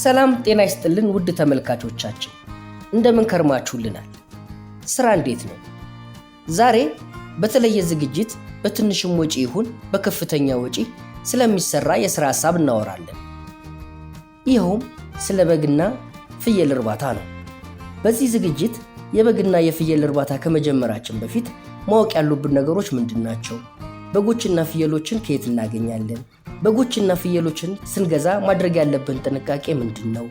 ሰላም ጤና ይስጥልን ውድ ተመልካቾቻችን እንደምን ከርማችሁልናል? ስራ እንዴት ነው? ዛሬ በተለየ ዝግጅት በትንሽም ወጪ ይሁን በከፍተኛ ወጪ ስለሚሰራ የሥራ ሐሳብ እናወራለን። ይኸውም ስለ በግና ፍየል እርባታ ነው። በዚህ ዝግጅት የበግና የፍየል እርባታ ከመጀመራችን በፊት ማወቅ ያሉብን ነገሮች ምንድን ናቸው? በጎችና ፍየሎችን ከየት እናገኛለን? በጎችና ፍየሎችን ስንገዛ ማድረግ ያለብን ጥንቃቄ ምንድን ነው?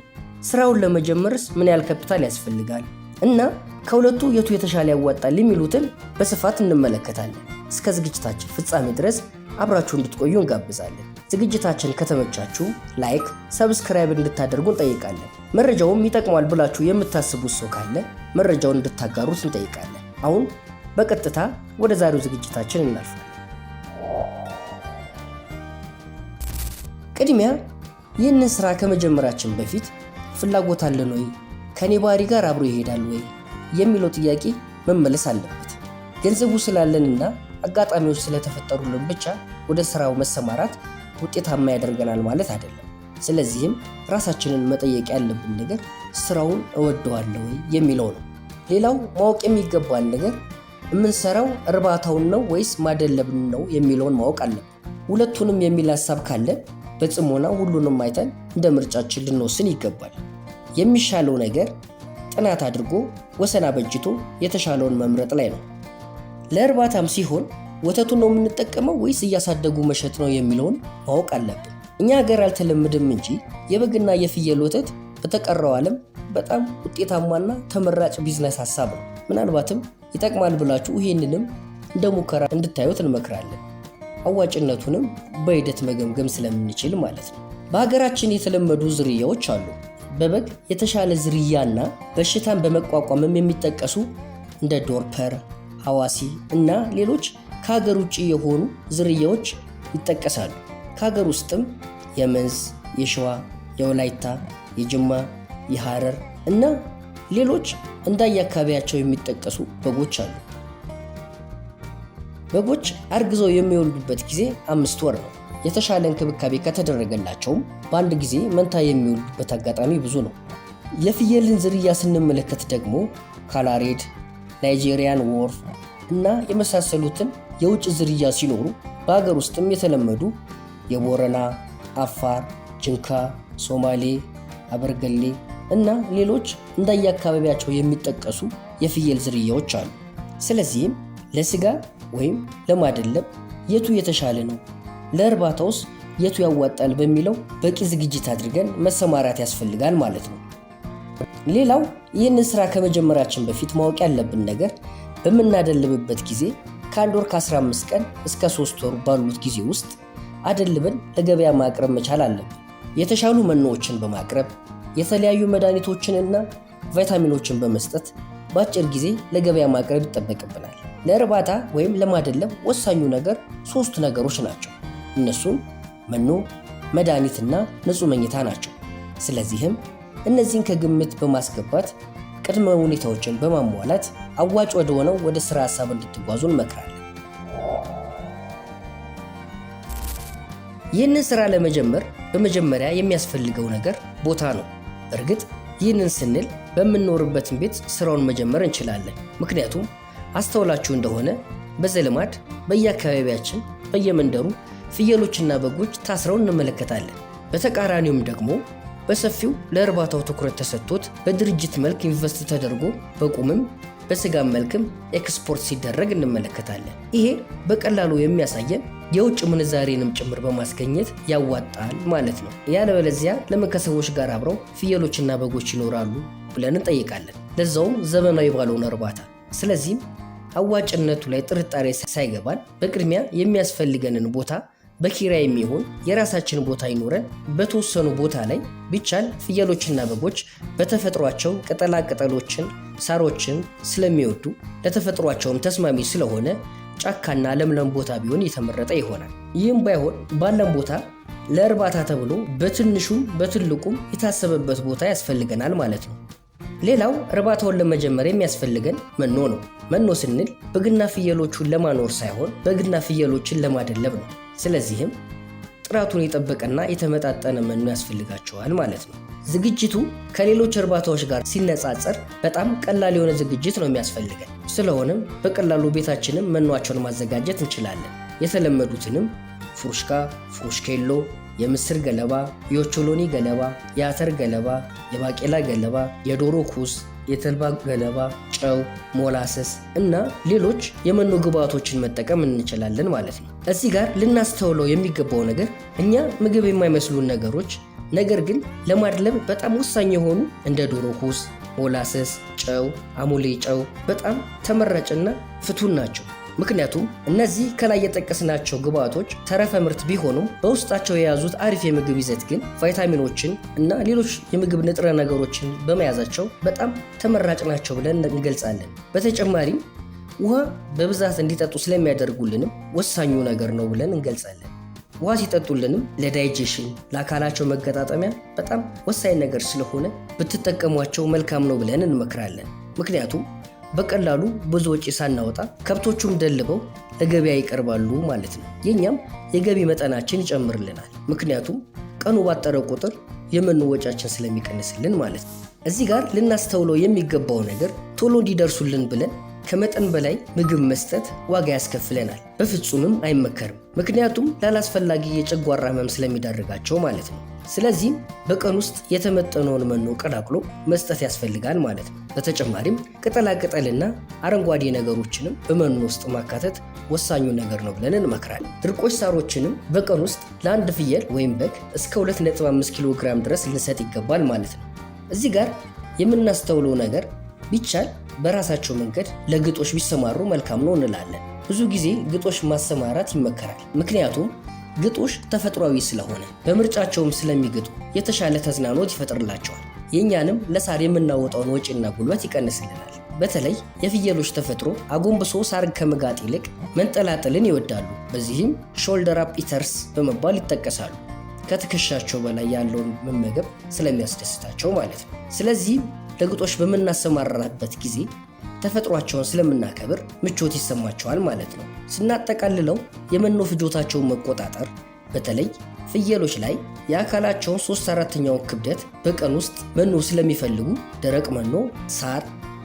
ስራውን ለመጀመርስ ምን ያህል ካፒታል ያስፈልጋል? እና ከሁለቱ የቱ የተሻለ ያዋጣል የሚሉትን በስፋት እንመለከታለን። እስከ ዝግጅታችን ፍጻሜ ድረስ አብራችሁ እንድትቆዩ እንጋብዛለን። ዝግጅታችን ከተመቻችሁ ላይክ፣ ሰብስክራይብ እንድታደርጉ እንጠይቃለን። መረጃውም ይጠቅማል ብላችሁ የምታስቡት ሰው ካለ መረጃውን እንድታጋሩት እንጠይቃለን። አሁን በቀጥታ ወደ ዛሬው ዝግጅታችን እናልፋል። ቅድሚያ ይህንን ስራ ከመጀመራችን በፊት ፍላጎት አለን ወይ፣ ከኔ ባህሪ ጋር አብሮ ይሄዳል ወይ የሚለው ጥያቄ መመለስ አለበት። ገንዘቡ ስላለንና አጋጣሚዎች ስለተፈጠሩልን ብቻ ወደ ስራው መሰማራት ውጤታማ ያደርገናል ማለት አይደለም። ስለዚህም ራሳችንን መጠየቅ ያለብን ነገር ስራውን እወደዋለሁ ወይ የሚለው ነው። ሌላው ማወቅ የሚገባን ነገር የምንሰራው እርባታውን ነው ወይስ ማደለብን ነው የሚለውን ማወቅ አለብን። ሁለቱንም የሚል ሀሳብ ካለን በጽሞና ሁሉንም አይተን እንደ ምርጫችን ልንወስን ይገባል። የሚሻለው ነገር ጥናት አድርጎ ወሰና በጅቶ የተሻለውን መምረጥ ላይ ነው። ለእርባታም ሲሆን ወተቱን ነው የምንጠቀመው ወይስ እያሳደጉ መሸጥ ነው የሚለውን ማወቅ አለብን። እኛ ሀገር አልተለመደም እንጂ የበግና የፍየል ወተት በተቀረው ዓለም በጣም ውጤታማና ተመራጭ ቢዝነስ ሀሳብ ነው። ምናልባትም ይጠቅማል ብላችሁ ይህንንም እንደ ሙከራ እንድታዩት እንመክራለን። አዋጭነቱንም በሂደት መገምገም ስለምንችል ማለት ነው። በሀገራችን የተለመዱ ዝርያዎች አሉ። በበግ የተሻለ ዝርያና በሽታን በመቋቋምም የሚጠቀሱ እንደ ዶርፐር፣ ሐዋሲ እና ሌሎች ከሀገር ውጭ የሆኑ ዝርያዎች ይጠቀሳሉ። ከሀገር ውስጥም የመንዝ፣ የሸዋ፣ የወላይታ፣ የጅማ፣ የሐረር እና ሌሎች እንዳየ አካባቢያቸው የሚጠቀሱ በጎች አሉ። በጎች አርግዘው የሚወልዱበት ጊዜ አምስት ወር ነው። የተሻለ እንክብካቤ ከተደረገላቸውም በአንድ ጊዜ መንታ የሚወልዱበት አጋጣሚ ብዙ ነው። የፍየልን ዝርያ ስንመለከት ደግሞ ካላሬድ፣ ናይጄሪያን ዎርፍ እና የመሳሰሉትን የውጭ ዝርያ ሲኖሩ በሀገር ውስጥም የተለመዱ የቦረና፣ አፋር፣ ጅንካ፣ ሶማሌ፣ አበርገሌ እና ሌሎች እንደየአካባቢያቸው የሚጠቀሱ የፍየል ዝርያዎች አሉ። ስለዚህም ለስጋ ወይም ለማደለብ የቱ የተሻለ ነው፣ ለእርባታውስ የቱ ያዋጣል በሚለው በቂ ዝግጅት አድርገን መሰማራት ያስፈልጋል ማለት ነው። ሌላው ይህንን ስራ ከመጀመራችን በፊት ማወቅ ያለብን ነገር በምናደልብበት ጊዜ ከአንድ ወር ከ15 ቀን እስከ 3 ወር ባሉት ጊዜ ውስጥ አደልበን ለገበያ ማቅረብ መቻል አለብን። የተሻሉ መኖዎችን በማቅረብ የተለያዩ መድኃኒቶችንና ቫይታሚኖችን በመስጠት በአጭር ጊዜ ለገበያ ማቅረብ ይጠበቅብናል። ለእርባታ ወይም ለማደለብ ወሳኙ ነገር ሶስት ነገሮች ናቸው። እነሱም መኖ፣ መድኃኒትና ንጹህ መኝታ ናቸው። ስለዚህም እነዚህን ከግምት በማስገባት ቅድመ ሁኔታዎችን በማሟላት አዋጭ ወደ ሆነው ወደ ስራ ሀሳብ እንድትጓዙ እንመክራለን። ይህንን ስራ ለመጀመር በመጀመሪያ የሚያስፈልገው ነገር ቦታ ነው። እርግጥ ይህንን ስንል በምንኖርበትን ቤት ስራውን መጀመር እንችላለን። ምክንያቱም አስተውላችሁ እንደሆነ በዘልማድ በየአካባቢያችን በየመንደሩ ፍየሎችና በጎች ታስረው እንመለከታለን። በተቃራኒውም ደግሞ በሰፊው ለእርባታው ትኩረት ተሰጥቶት በድርጅት መልክ ኢንቨስት ተደርጎ በቁምም በስጋም መልክም ኤክስፖርት ሲደረግ እንመለከታለን። ይሄ በቀላሉ የሚያሳየን የውጭ ምንዛሬንም ጭምር በማስገኘት ያዋጣል ማለት ነው። ያለበለዚያ ለምን ከሰዎች ጋር አብረው ፍየሎችና በጎች ይኖራሉ ብለን እንጠይቃለን። ለዛውም ዘመናዊ ባለውን እርባታ። ስለዚህም አዋጭነቱ ላይ ጥርጣሬ ሳይገባን በቅድሚያ የሚያስፈልገንን ቦታ በኪራይ የሚሆን የራሳችን ቦታ ይኖረን በተወሰኑ ቦታ ላይ ቢቻል ፍየሎችና በጎች በተፈጥሯቸው ቅጠላ ቅጠሎችን፣ ሳሮችን ስለሚወዱ ለተፈጥሯቸውም ተስማሚ ስለሆነ ጫካና ለምለም ቦታ ቢሆን የተመረጠ ይሆናል። ይህም ባይሆን ባለም ቦታ ለእርባታ ተብሎ በትንሹም በትልቁም የታሰበበት ቦታ ያስፈልገናል ማለት ነው። ሌላው እርባታውን ለመጀመር የሚያስፈልገን መኖ ነው። መኖ ስንል በግና ፍየሎቹን ለማኖር ሳይሆን በግና ፍየሎችን ለማደለብ ነው። ስለዚህም ጥራቱን የጠበቀና የተመጣጠነ መኖ ያስፈልጋቸዋል ማለት ነው። ዝግጅቱ ከሌሎች እርባታዎች ጋር ሲነጻጸር በጣም ቀላል የሆነ ዝግጅት ነው የሚያስፈልገን። ስለሆነም በቀላሉ ቤታችንም መኗቸውን ማዘጋጀት እንችላለን። የተለመዱትንም ፍሩሽካ፣ ፍሩሽኬሎ፣ የምስር ገለባ፣ የኦቾሎኒ ገለባ፣ የአተር ገለባ፣ የባቄላ ገለባ፣ የዶሮ ኩስ፣ የተልባ ገለባ፣ ጨው፣ ሞላሰስ እና ሌሎች የመኖ ግብዓቶችን መጠቀም እንችላለን ማለት ነው። እዚህ ጋር ልናስተውለው የሚገባው ነገር እኛ ምግብ የማይመስሉን ነገሮች ነገር ግን ለማድለብ በጣም ወሳኝ የሆኑ እንደ ዶሮ ኩስ፣ ሞላሰስ፣ ጨው፣ አሞሌ ጨው በጣም ተመራጭና ፍቱን ናቸው። ምክንያቱም እነዚህ ከላይ የጠቀስናቸው ግብአቶች ተረፈ ምርት ቢሆኑም በውስጣቸው የያዙት አሪፍ የምግብ ይዘት ግን ቫይታሚኖችን እና ሌሎች የምግብ ንጥረ ነገሮችን በመያዛቸው በጣም ተመራጭ ናቸው ብለን እንገልጻለን። በተጨማሪም ውሃ በብዛት እንዲጠጡ ስለሚያደርጉልንም ወሳኙ ነገር ነው ብለን እንገልጻለን። ውሃ ሲጠጡልንም ለዳይጀሽን ለአካላቸው መገጣጠሚያ በጣም ወሳኝ ነገር ስለሆነ ብትጠቀሟቸው መልካም ነው ብለን እንመክራለን። ምክንያቱም በቀላሉ ብዙ ወጪ ሳናወጣ ከብቶቹም ደልበው ለገበያ ይቀርባሉ ማለት ነው። የእኛም የገቢ መጠናችን ይጨምርልናል። ምክንያቱም ቀኑ ባጠረ ቁጥር የመኖ ወጫችን ስለሚቀንስልን ማለት ነው። እዚህ ጋር ልናስተውለው የሚገባው ነገር ቶሎ እንዲደርሱልን ብለን ከመጠን በላይ ምግብ መስጠት ዋጋ ያስከፍለናል። በፍጹምም አይመከርም። ምክንያቱም ላላስፈላጊ የጨጓራ ህመም ስለሚዳርጋቸው ማለት ነው። ስለዚህም በቀን ውስጥ የተመጠነውን መኖ ቀላቅሎ መስጠት ያስፈልጋል ማለት ነው። በተጨማሪም ቅጠላቅጠልና አረንጓዴ ነገሮችንም በመኖ ውስጥ ማካተት ወሳኙ ነገር ነው ብለን እንመክራለን። ድርቆሽ ሳሮችንም በቀን ውስጥ ለአንድ ፍየል ወይም በግ እስከ 2.5 ኪሎ ግራም ድረስ ልንሰጥ ይገባል ማለት ነው። እዚህ ጋር የምናስተውለው ነገር ቢቻል በራሳቸው መንገድ ለግጦሽ ቢሰማሩ መልካም ነው እንላለን። ብዙ ጊዜ ግጦሽ ማሰማራት ይመከራል። ምክንያቱም ግጦሽ ተፈጥሯዊ ስለሆነ በምርጫቸውም ስለሚግጡ የተሻለ ተዝናኖት ይፈጥርላቸዋል። የእኛንም ለሳር የምናወጣውን ወጪና ጉልበት ይቀንስልናል። በተለይ የፍየሎች ተፈጥሮ አጎንብሶ ሳር ከመጋጥ ይልቅ መንጠላጠልን ይወዳሉ። በዚህም ሾልደር አፒተርስ በመባል ይጠቀሳሉ። ከትከሻቸው በላይ ያለውን መመገብ ስለሚያስደስታቸው ማለት ነው። ስለዚህም ለግጦሽ በምናሰማራበት ጊዜ ተፈጥሯቸውን ስለምናከብር ምቾት ይሰማቸዋል ማለት ነው። ስናጠቃልለው የመኖ ፍጆታቸውን መቆጣጠር በተለይ ፍየሎች ላይ የአካላቸውን ሶስት አራተኛውን ክብደት በቀን ውስጥ መኖ ስለሚፈልጉ ደረቅ መኖ፣ ሳር፣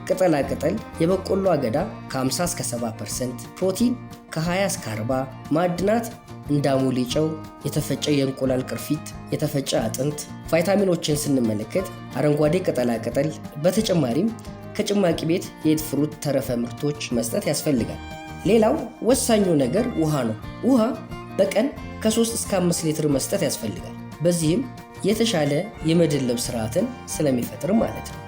ቅጠላቅጠል፣ የበቆሎ አገዳ ከ50 እስከ 70 ፐርሰንት፣ ፕሮቲን ከ20 እስከ 40፣ ማዕድናት እንደ ጨው፣ የተፈጨ የእንቁላል ቅርፊት፣ የተፈጨ አጥንት። ቫይታሚኖችን ስንመለከት አረንጓዴ ቅጠላቅጠል፣ በተጨማሪም ከጭማቂ ቤት ፍሩት ተረፈ ምርቶች መስጠት ያስፈልጋል። ሌላው ወሳኙ ነገር ውሃ ነው። ውሃ በቀን ከ3 እስከ 5 ሊትር መስጠት ያስፈልጋል። በዚህም የተሻለ የመድለብ ስርዓትን ስለሚፈጥር ማለት ነው።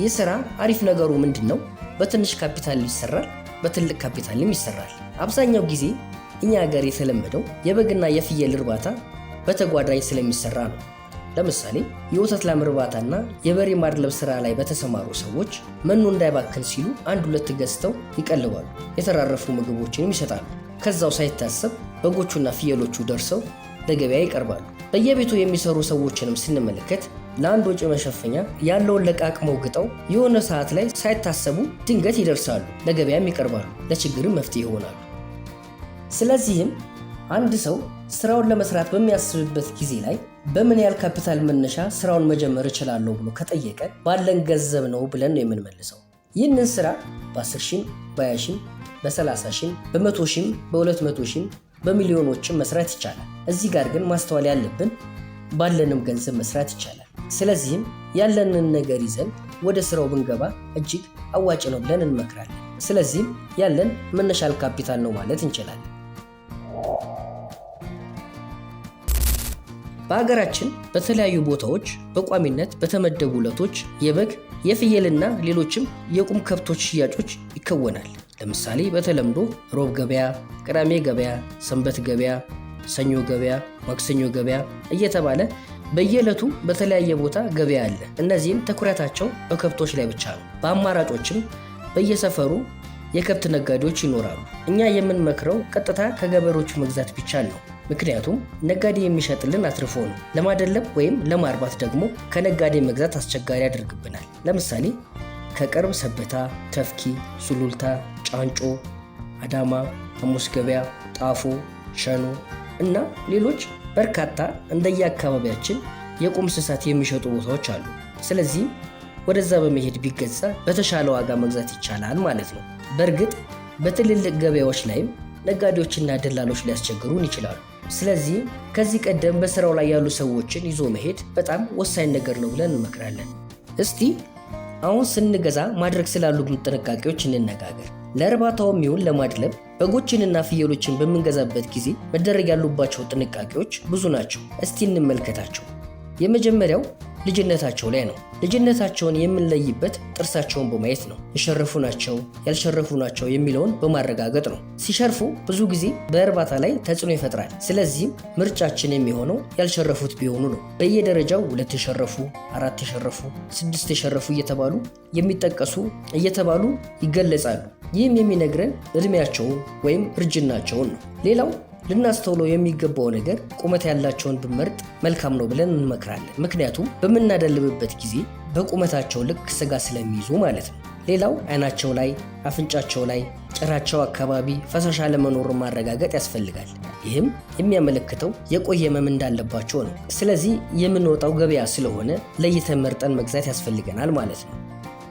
ይህ ስራ አሪፍ ነገሩ ምንድን ነው? በትንሽ ካፒታል ይሰራል፣ በትልቅ ካፒታልም ይሰራል። አብዛኛው ጊዜ እኛ ሀገር የተለመደው የበግና የፍየል እርባታ በተጓዳኝ ስለሚሰራ ነው። ለምሳሌ የወተት ላም እርባታና የበሬ ማድለብ ስራ ላይ በተሰማሩ ሰዎች መኖ እንዳይባክን ሲሉ አንድ ሁለት ገዝተው ይቀልባሉ። የተራረፉ ምግቦችንም ይሰጣሉ። ከዛው ሳይታሰብ በጎቹና ፍየሎቹ ደርሰው ለገበያ ይቀርባሉ። በየቤቱ የሚሰሩ ሰዎችንም ስንመለከት ለአንድ ወጪ መሸፈኛ ያለውን ለቃቅመው ግጠው የሆነ ሰዓት ላይ ሳይታሰቡ ድንገት ይደርሳሉ፣ ለገበያም ይቀርባሉ፣ ለችግርም መፍትሄ ይሆናሉ። ስለዚህም አንድ ሰው ስራውን ለመስራት በሚያስብበት ጊዜ ላይ በምን ያህል ካፒታል መነሻ ስራውን መጀመር እችላለሁ ብሎ ከጠየቀ ባለን ገንዘብ ነው ብለን ነው የምንመልሰው። ይህንን ስራ በ10 ሺም፣ በ20 ሺም፣ በ30 ሺም፣ በ100 ሺም፣ በ200 ሺም፣ በሚሊዮኖችም መስራት ይቻላል። እዚህ ጋር ግን ማስተዋል ያለብን ባለንም ገንዘብ መስራት ይቻላል። ስለዚህም ያለንን ነገር ይዘን ወደ ስራው ብንገባ እጅግ አዋጭ ነው ብለን እንመክራለን። ስለዚህም ያለን መነሻል ካፒታል ነው ማለት እንችላለን። በሀገራችን በተለያዩ ቦታዎች በቋሚነት በተመደቡ ዕለቶች የበግ የፍየልና ሌሎችም የቁም ከብቶች ሽያጮች ይከወናል። ለምሳሌ በተለምዶ ሮብ ገበያ፣ ቅዳሜ ገበያ፣ ሰንበት ገበያ፣ ሰኞ ገበያ፣ ማክሰኞ ገበያ እየተባለ በየዕለቱ በተለያየ ቦታ ገበያ አለ። እነዚህም ትኩረታቸው በከብቶች ላይ ብቻ ነው። በአማራጮችም በየሰፈሩ የከብት ነጋዴዎች ይኖራሉ። እኛ የምንመክረው ቀጥታ ከገበሬዎቹ መግዛት ቢቻል ነው። ምክንያቱም ነጋዴ የሚሸጥልን አትርፎ ነው። ለማደለብ ወይም ለማርባት ደግሞ ከነጋዴ መግዛት አስቸጋሪ ያደርግብናል። ለምሳሌ ከቅርብ ሰበታ፣ ተፍኪ፣ ሱሉልታ፣ ጫንጮ፣ አዳማ፣ ሐሙስ ገበያ፣ ጣፎ፣ ሸኖ እና ሌሎች በርካታ እንደየአካባቢያችን የቁም እንስሳት የሚሸጡ ቦታዎች አሉ። ስለዚህም ወደዛ በመሄድ ቢገዛ በተሻለ ዋጋ መግዛት ይቻላል ማለት ነው። በእርግጥ በትልልቅ ገበያዎች ላይም ነጋዴዎችና ደላሎች ሊያስቸግሩን ይችላሉ። ስለዚህ ከዚህ ቀደም በስራው ላይ ያሉ ሰዎችን ይዞ መሄድ በጣም ወሳኝ ነገር ነው ብለን እንመክራለን። እስቲ አሁን ስንገዛ ማድረግ ስላሉብን ጥንቃቄዎች እንነጋገር። ለእርባታው ይሁን ለማድለብ በጎችንና ፍየሎችን በምንገዛበት ጊዜ መደረግ ያሉባቸው ጥንቃቄዎች ብዙ ናቸው። እስቲ እንመልከታቸው። የመጀመሪያው ልጅነታቸው ላይ ነው። ልጅነታቸውን የምንለይበት ጥርሳቸውን በማየት ነው። የሸረፉ ናቸው፣ ያልሸረፉ ናቸው የሚለውን በማረጋገጥ ነው። ሲሸርፉ ብዙ ጊዜ በእርባታ ላይ ተጽዕኖ ይፈጥራል። ስለዚህም ምርጫችን የሚሆነው ያልሸረፉት ቢሆኑ ነው። በየደረጃው ሁለት የሸረፉ፣ አራት የሸረፉ፣ ስድስት የሸረፉ እየተባሉ የሚጠቀሱ እየተባሉ ይገለጻሉ። ይህም የሚነግረን እድሜያቸውን ወይም እርጅናቸውን ነው። ሌላው ልናስተውለው የሚገባው ነገር ቁመት ያላቸውን ብንመርጥ መልካም ነው ብለን እንመክራለን። ምክንያቱም በምናደልብበት ጊዜ በቁመታቸው ልክ ስጋ ስለሚይዙ ማለት ነው። ሌላው አይናቸው ላይ፣ አፍንጫቸው ላይ፣ ጭራቸው አካባቢ ፈሳሽ ለመኖር ማረጋገጥ ያስፈልጋል። ይህም የሚያመለክተው የቆየ መም እንዳለባቸው ነው። ስለዚህ የምንወጣው ገበያ ስለሆነ ለይተን መርጠን መግዛት ያስፈልገናል ማለት ነው።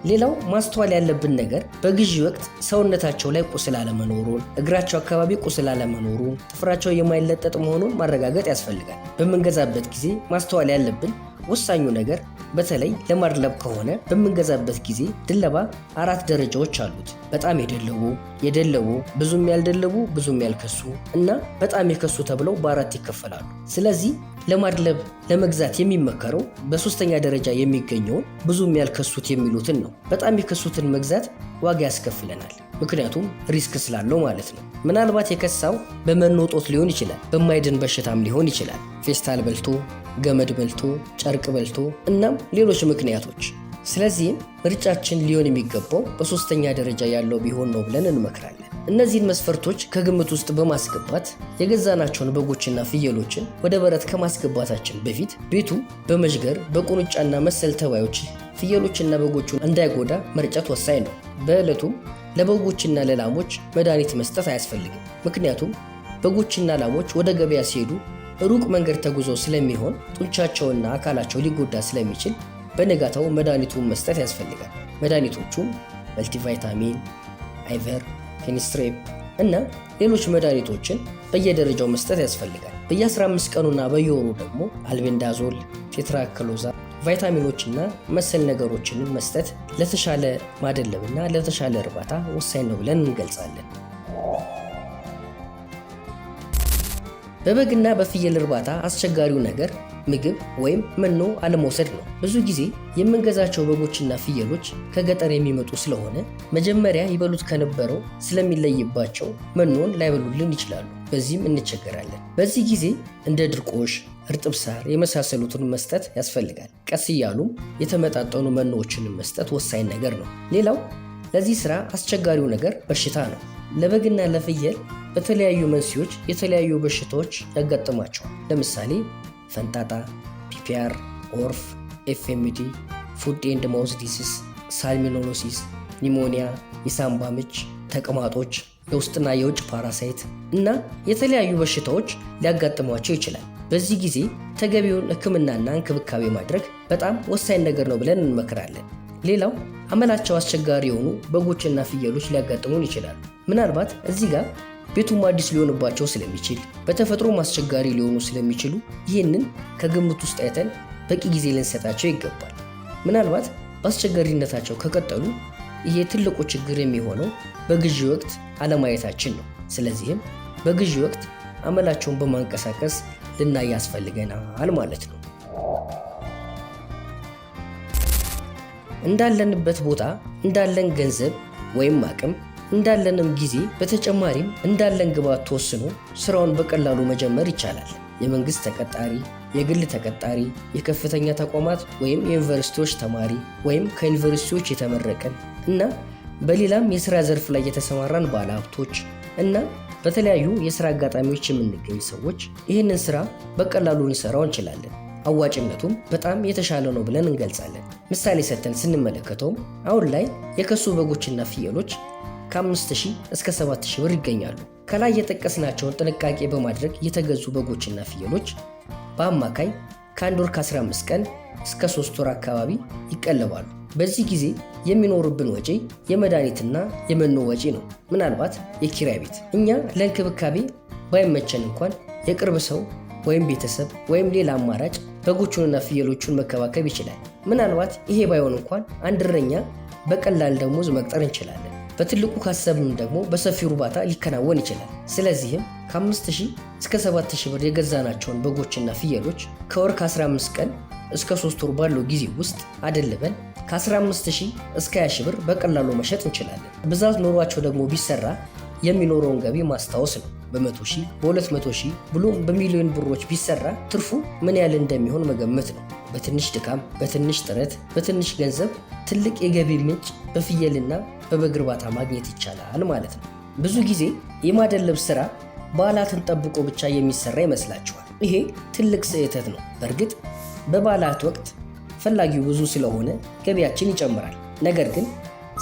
ሌላው ማስተዋል ያለብን ነገር በግዢ ወቅት ሰውነታቸው ላይ ቁስል አለመኖሩን፣ እግራቸው አካባቢ ቁስል አለመኖሩን፣ ጥፍራቸው የማይለጠጥ መሆኑን ማረጋገጥ ያስፈልጋል። በምንገዛበት ጊዜ ማስተዋል ያለብን ወሳኙ ነገር በተለይ ለማድለብ ከሆነ በምንገዛበት ጊዜ ድለባ አራት ደረጃዎች አሉት። በጣም የደለቡ፣ የደለቡ፣ ብዙም ያልደለቡ፣ ብዙም ያልከሱ እና በጣም የከሱ ተብለው በአራት ይከፈላሉ። ስለዚህ ለማድለብ ለመግዛት የሚመከረው በሶስተኛ ደረጃ የሚገኘውን ብዙም ያልከሱት የሚሉትን ነው። በጣም የከሱትን መግዛት ዋጋ ያስከፍለናል። ምክንያቱም ሪስክ ስላለው ማለት ነው። ምናልባት የከሳው በመኖ ሊሆን ይችላል፣ በማይድን በሽታም ሊሆን ይችላል። ፌስታል በልቶ ገመድ በልቶ፣ ጨርቅ በልቶ እናም ሌሎች ምክንያቶች። ስለዚህም ምርጫችን ሊሆን የሚገባው በሶስተኛ ደረጃ ያለው ቢሆን ነው ብለን እንመክራለን። እነዚህን መስፈርቶች ከግምት ውስጥ በማስገባት የገዛናቸውን በጎችና ፍየሎችን ወደ በረት ከማስገባታችን በፊት ቤቱ በመዥገር በቁንጫና መሰል ተባዮች ፍየሎችና በጎቹን እንዳይጎዳ መርጨት ወሳኝ ነው። በዕለቱም ለበጎችና ለላሞች መድኃኒት መስጠት አያስፈልግም። ምክንያቱም በጎችና ላሞች ወደ ገበያ ሲሄዱ ሩቅ መንገድ ተጉዞ ስለሚሆን ጡንቻቸውና አካላቸው ሊጎዳ ስለሚችል በነጋታው መድኃኒቱን መስጠት ያስፈልጋል። መድኃኒቶቹም መልቲቫይታሚን፣ አይቨር፣ ፌኒስትሬፕ እና ሌሎች መድኃኒቶችን በየደረጃው መስጠት ያስፈልጋል። በየ15 ቀኑና በየወሩ ደግሞ አልቤንዳዞል፣ ቴትራክሎዛ፣ ቫይታሚኖችና መሰል ነገሮችንም መስጠት ለተሻለ ማደለብና ለተሻለ እርባታ ወሳኝ ነው ብለን እንገልጻለን። በበግና በፍየል እርባታ አስቸጋሪው ነገር ምግብ ወይም መኖ አለመውሰድ ነው። ብዙ ጊዜ የምንገዛቸው በጎችና ፍየሎች ከገጠር የሚመጡ ስለሆነ መጀመሪያ ይበሉት ከነበረው ስለሚለይባቸው መኖን ላይበሉልን ይችላሉ። በዚህም እንቸገራለን። በዚህ ጊዜ እንደ ድርቆሽ፣ እርጥብ ሳር የመሳሰሉትን መስጠት ያስፈልጋል። ቀስ እያሉም የተመጣጠኑ መኖዎችን መስጠት ወሳኝ ነገር ነው። ሌላው ለዚህ ስራ አስቸጋሪው ነገር በሽታ ነው። ለበግና ለፍየል በተለያዩ መንስኤዎች የተለያዩ በሽታዎች ያጋጥሟቸዋል። ለምሳሌ ፈንጣጣ፣ ፒፒአር፣ ኦርፍ፣ ኤፍኤምዲ፣ ፉድ ኤንድ ማውዝ ዲሲስ፣ ሳልሚኖሎሲስ፣ ኒሞኒያ፣ የሳምባ ምች፣ ተቅማጦች፣ የውስጥና የውጭ ፓራሳይት እና የተለያዩ በሽታዎች ሊያጋጥሟቸው ይችላል። በዚህ ጊዜ ተገቢውን ሕክምናና እንክብካቤ ማድረግ በጣም ወሳኝ ነገር ነው ብለን እንመክራለን። ሌላው አመላቸው አስቸጋሪ የሆኑ በጎችና ፍየሎች ሊያጋጥሙን ይችላሉ። ምናልባት እዚህ ጋር ቤቱም አዲስ ሊሆንባቸው ስለሚችል በተፈጥሮ አስቸጋሪ ሊሆኑ ስለሚችሉ ይህንን ከግምት ውስጥ አይተን በቂ ጊዜ ልንሰጣቸው ይገባል። ምናልባት በአስቸጋሪነታቸው ከቀጠሉ ይሄ ትልቁ ችግር የሚሆነው በግዢ ወቅት አለማየታችን ነው። ስለዚህም በግዢ ወቅት አመላቸውን በማንቀሳቀስ ልናይ ያስፈልገናል ማለት ነው። እንዳለንበት ቦታ እንዳለን ገንዘብ ወይም አቅም እንዳለንም ጊዜ በተጨማሪም እንዳለን ግብዓት ተወስኖ ስራውን በቀላሉ መጀመር ይቻላል። የመንግስት ተቀጣሪ፣ የግል ተቀጣሪ፣ የከፍተኛ ተቋማት ወይም የዩኒቨርሲቲዎች ተማሪ ወይም ከዩኒቨርሲቲዎች የተመረቀን እና በሌላም የስራ ዘርፍ ላይ የተሰማራን ባለሀብቶች እና በተለያዩ የስራ አጋጣሚዎች የምንገኝ ሰዎች ይህንን ስራ በቀላሉ ልንሰራው እንችላለን። አዋጭነቱም በጣም የተሻለ ነው ብለን እንገልጻለን። ምሳሌ ሰጥተን ስንመለከተውም አሁን ላይ የከሱ በጎችና ፍየሎች ከ5000 እስከ 7000 ብር ይገኛሉ። ከላይ የጠቀስናቸውን ጥንቃቄ በማድረግ የተገዙ በጎችና ፍየሎች በአማካይ ከአንድ ወር ከ15 ቀን እስከ 3 ወር አካባቢ ይቀለባሉ። በዚህ ጊዜ የሚኖርብን ወጪ የመድኃኒትና የመኖ ወጪ ነው፣ ምናልባት የኪራይ ቤት። እኛ ለእንክብካቤ ባይመቸን እንኳን የቅርብ ሰው ወይም ቤተሰብ ወይም ሌላ አማራጭ በጎቹንና ፍየሎቹን መከባከብ ይችላል። ምናልባት ይሄ ባይሆን እንኳን አንድ እረኛ በቀላል ደሞዝ መቅጠር እንችላለን። በትልቁ ካሰብን ደግሞ በሰፊ እርባታ ሊከናወን ይችላል። ስለዚህም ከ5000 እስከ 7000 ብር የገዛናቸውን በጎችና ፍየሎች ከወር ከ15 ቀን እስከ 3 ወር ባለው ጊዜ ውስጥ አደልበን ከ15000 እስከ 20 ብር በቀላሉ መሸጥ እንችላለን። ብዛት ኖሯቸው ደግሞ ቢሰራ የሚኖረውን ገቢ ማስታወስ ነው። በመቶ ሺህ በሁለት መቶ ሺህ ብሎም በሚሊዮን ብሮች ቢሰራ ትርፉ ምን ያህል እንደሚሆን መገመት ነው። በትንሽ ድካም፣ በትንሽ ጥረት፣ በትንሽ ገንዘብ ትልቅ የገቢ ምንጭ በፍየልና በበግ እርባታ ማግኘት ይቻላል ማለት ነው። ብዙ ጊዜ የማደለብ ስራ በዓላትን ጠብቆ ብቻ የሚሰራ ይመስላችኋል። ይሄ ትልቅ ስህተት ነው። በእርግጥ በበዓላት ወቅት ፈላጊው ብዙ ስለሆነ ገቢያችን ይጨምራል። ነገር ግን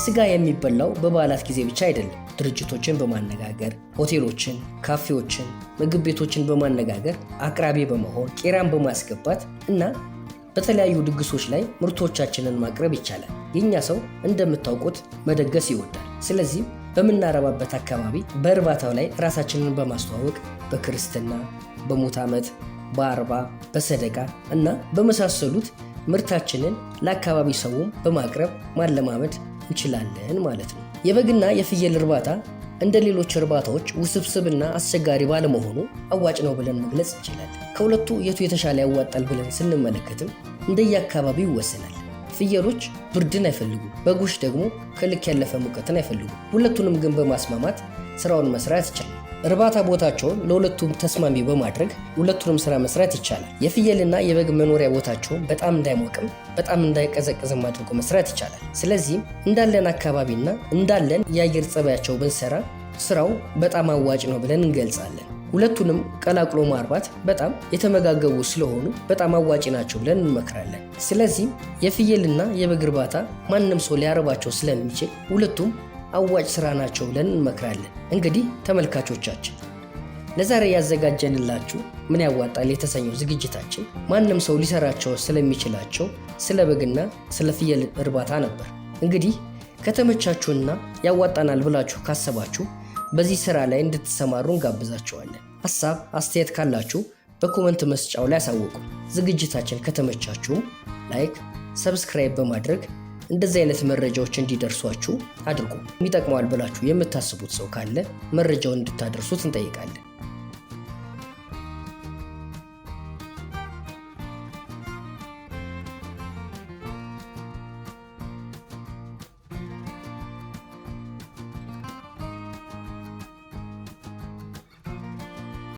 ስጋ የሚበላው በበዓላት ጊዜ ብቻ አይደለም። ድርጅቶችን በማነጋገር ሆቴሎችን፣ ካፌዎችን፣ ምግብ ቤቶችን በማነጋገር አቅራቢ በመሆን ቄራን በማስገባት እና በተለያዩ ድግሶች ላይ ምርቶቻችንን ማቅረብ ይቻላል። የእኛ ሰው እንደምታውቁት መደገስ ይወዳል። ስለዚህም በምናረባበት አካባቢ በእርባታው ላይ ራሳችንን በማስተዋወቅ በክርስትና፣ በሙት ዓመት፣ በአርባ፣ በሰደቃ እና በመሳሰሉት ምርታችንን ለአካባቢ ሰውም በማቅረብ ማለማመድ እንችላለን ማለት ነው። የበግና የፍየል እርባታ እንደ ሌሎች እርባታዎች ውስብስብና አስቸጋሪ ባለመሆኑ አዋጭ ነው ብለን መግለጽ ይችላል። ከሁለቱ የቱ የተሻለ ያዋጣል ብለን ስንመለከትም እንደየአካባቢው ይወሰናል። ፍየሎች ብርድን አይፈልጉም፣ በጎች ደግሞ ከልክ ያለፈ ሙቀትን አይፈልጉም። ሁለቱንም ግን በማስማማት ስራውን መስራት ይቻላል። እርባታ ቦታቸውን ለሁለቱም ተስማሚ በማድረግ ሁለቱንም ስራ መስራት ይቻላል። የፍየልና የበግ መኖሪያ ቦታቸውን በጣም እንዳይሞቅም በጣም እንዳይቀዘቅዝም አድርጎ መስራት ይቻላል። ስለዚህም እንዳለን አካባቢና እንዳለን የአየር ጸባያቸው ብንሰራ ስራው በጣም አዋጭ ነው ብለን እንገልጻለን። ሁለቱንም ቀላቅሎ ማርባት በጣም የተመጋገቡ ስለሆኑ በጣም አዋጭ ናቸው ብለን እንመክራለን። ስለዚህም የፍየልና የበግ እርባታ ማንም ሰው ሊያረባቸው ስለሚችል ሁለቱም አዋጭ ሥራ ናቸው ብለን እንመክራለን። እንግዲህ ተመልካቾቻችን ለዛሬ ያዘጋጀንላችሁ ምን ያዋጣል የተሰኘው ዝግጅታችን ማንም ሰው ሊሰራቸው ስለሚችላቸው ስለ በግና ስለ ፍየል እርባታ ነበር። እንግዲህ ከተመቻችሁና ያዋጣናል ብላችሁ ካሰባችሁ በዚህ ሥራ ላይ እንድትሰማሩ እንጋብዛችኋለን። ሐሳብ አስተያየት ካላችሁ በኮመንት መስጫው ላይ አሳውቁ። ዝግጅታችን ከተመቻችሁም ላይክ፣ ሰብስክራይብ በማድረግ እንደዚህ አይነት መረጃዎች እንዲደርሷችሁ አድርጉ። ይጠቅመዋል ብላችሁ የምታስቡት ሰው ካለ መረጃውን እንድታደርሱት እንጠይቃለን።